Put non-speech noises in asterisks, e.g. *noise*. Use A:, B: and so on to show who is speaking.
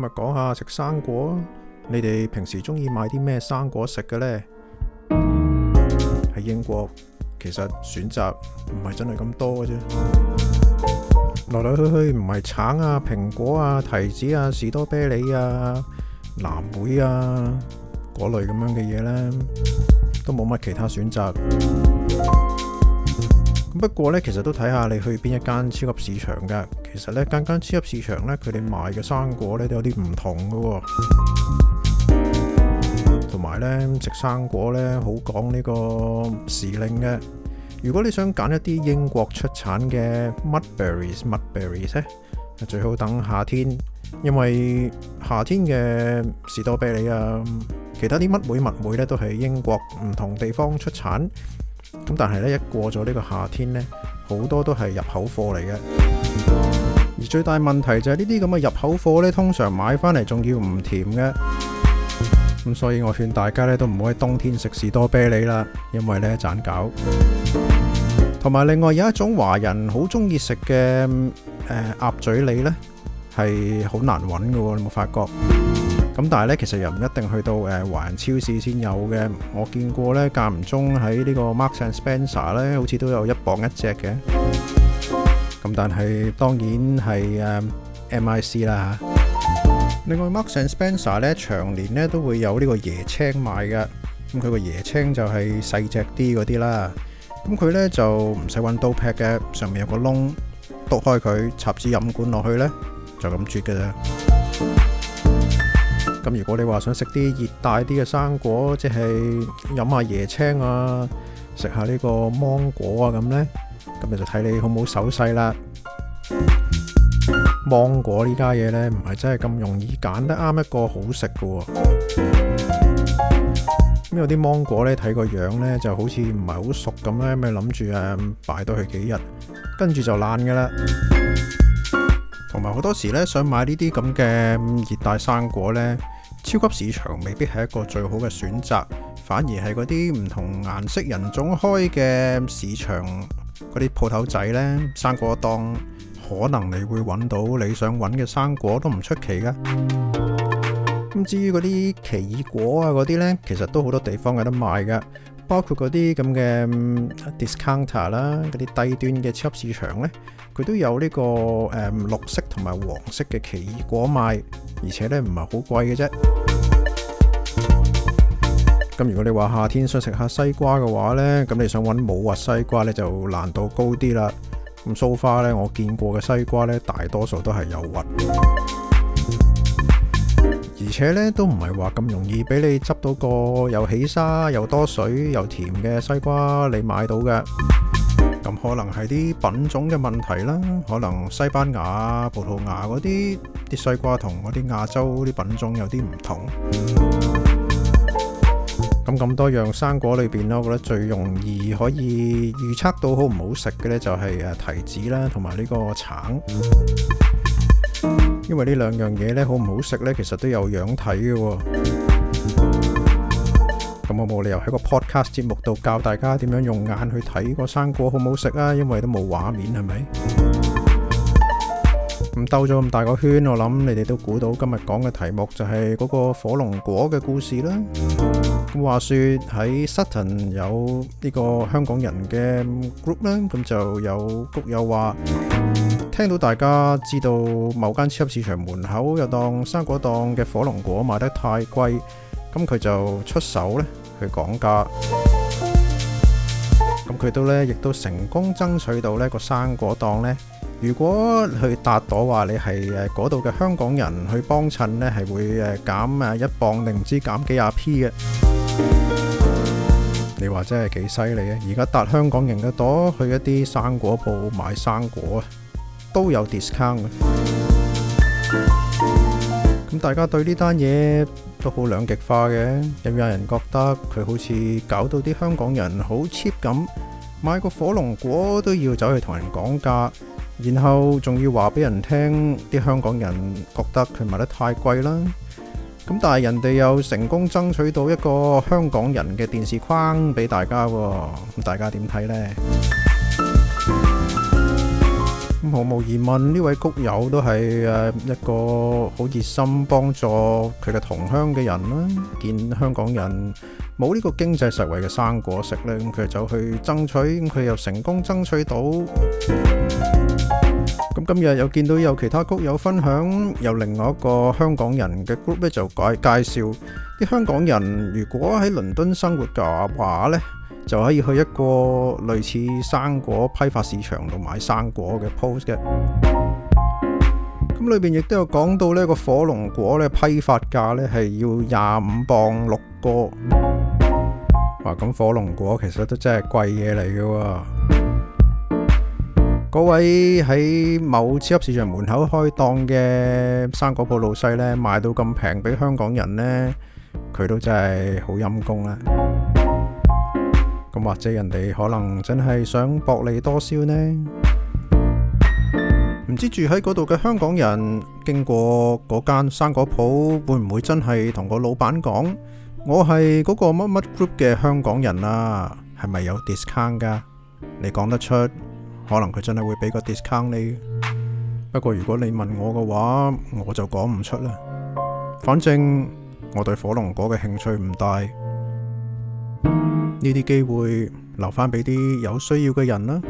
A: 今日講下食生果，你哋平時中意買啲咩生果食嘅呢？喺英國其實選擇唔係真係咁多嘅啫，來來去去唔係橙啊、蘋果啊、提子啊、士多啤梨啊、藍莓啊嗰類咁樣嘅嘢呢，都冇乜其他選擇。咁不過咧，其實都睇下你去邊一間超級市場㗎。其實咧，間間超級市場咧，佢哋賣嘅生果咧都有啲唔同嘅喎。同埋咧，食生果咧，好講呢個時令嘅。如果你想揀一啲英國出產嘅 mud berries mud berries 咧，最好等夏天，因為夏天嘅士多啤梨啊，其他啲乜莓物莓咧，都係英國唔同地方出產。咁但係咧，一過咗呢個夏天呢，好多都係入口貨嚟嘅。而最大問題就係呢啲咁嘅入口貨呢，通常買翻嚟仲要唔甜嘅。咁所以我勸大家呢，都唔好喺冬天食士多啤梨啦，因為咧盞搞。同埋另外有一種華人好中意食嘅，誒鴨嘴梨呢，係好難揾噶你有冇發覺？咁但係咧，其實又唔一定去到誒華人環超市先有嘅。我見過咧，間唔中喺呢個 Marks and Spencer 咧，好似都有一磅一隻嘅。咁但係當然係誒 M I C 啦。另外 Marks and Spencer 咧，長年咧都會有呢個椰青賣嘅。咁佢個椰青就係細隻啲嗰啲啦。咁佢咧就唔使揾刀劈嘅，上面有個窿，篤開佢，插支飲管落去咧，就咁啜嘅。咁如果你話想食啲熱帶啲嘅生果，即係飲下椰青啊，食下呢個芒果啊咁咧，咁就睇你好唔好手勢啦。芒果呢家嘢呢，唔係真係咁容易揀得啱一個好食噶。咁有啲芒果呢，睇個樣呢就好似唔係好熟咁咧，咪諗住誒擺多佢幾日，跟住就爛噶啦。同埋好多時咧，想買呢啲咁嘅熱帶生果呢，超級市場未必係一個最好嘅選擇，反而係嗰啲唔同顏色、人種開嘅市場，嗰啲鋪頭仔呢，生果檔，可能你會揾到你想揾嘅生果都唔出奇噶。咁至於嗰啲奇異果啊，嗰啲呢其實都好多地方有得賣噶。包括嗰啲咁嘅 discounter 啦，嗰啲低端嘅超級市場呢，佢都有呢個誒綠色同埋黃色嘅奇異果賣，而且呢唔係好貴嘅啫。咁 *music* 如果你話夏天想食下西瓜嘅話呢，咁你想揾冇核西瓜呢，就難度高啲啦。咁 so far 呢，我見過嘅西瓜呢，大多數都係有核。而且咧，都唔係話咁容易俾你執到個又起沙又多水又甜嘅西瓜你買到嘅，咁可能係啲品種嘅問題啦，可能西班牙、葡萄牙嗰啲啲西瓜同嗰啲亞洲啲品種有啲唔同。咁咁多樣生果裏邊咧，我覺得最容易可以預測到好唔好食嘅呢，就係誒提子啦，同埋呢個橙。因為呢兩樣嘢呢，好唔好食呢，其實都有樣睇嘅。咁我冇理由喺個 podcast 節目度教大家點樣用眼去睇個生果好唔好食啊！因為都冇畫面，係咪？咁兜咗咁大個圈，我諗你哋都估到今日講嘅題目就係嗰個火龍果嘅故事啦。咁話說喺 Sutton 有呢個香港人嘅 group 咧，咁就有谷友話。聽到大家知道某間超級市場門口有檔生果檔嘅火龍果賣得太貴，咁佢就出手咧去講價。咁佢都咧，亦都成功爭取到呢個生果檔呢。如果去搭朵話你係誒嗰度嘅香港人去幫襯呢，係會誒減誒一磅定唔知減幾廿 P 嘅。你話真係幾犀利啊！而家搭香港人嘅朵去一啲生果鋪買生果啊！都有 discount 嘅，咁大家對呢單嘢都好兩極化嘅。有有人覺得佢好似搞到啲香港人好 cheap 咁，買個火龍果都要走去同人講價，然後仲要話俾人聽啲香港人覺得佢賣得太貴啦。咁但係人哋又成功爭取到一個香港人嘅電視框俾大家喎，咁大家點睇呢？咁毫無疑問，呢位谷友都係誒一個好熱心幫助佢嘅同鄉嘅人啦。見香港人冇呢個經濟實惠嘅生果食咧，咁佢就去爭取，咁佢又成功爭取到。咁今日又見到有其他谷友分享，由另外一個香港人嘅 group 咧，就介介紹啲香港人如果喺倫敦生活嘅話咧。就可以去一個類似生果批發市場度買生果嘅 post 嘅。咁裏邊亦都有講到呢個火龍果呢批發價呢係要廿五磅六個。哇！咁火龍果其實都真係貴嘢嚟嘅喎。嗰位喺某超級市場門口開檔嘅生果鋪老細呢，賣到咁平俾香港人呢，佢都真係好陰功啦。或者人哋可能真係想薄利多銷呢？唔知住喺嗰度嘅香港人，經過嗰間生果鋪，會唔會真係同個老闆講：我係嗰個乜乜 group 嘅香港人啊？係咪有 discount 噶？你講得出，可能佢真係會俾個 discount 你。不過如果你問我嘅話，我就講唔出啦。反正我對火龍果嘅興趣唔大。呢啲機會留返畀啲有需要嘅人啦。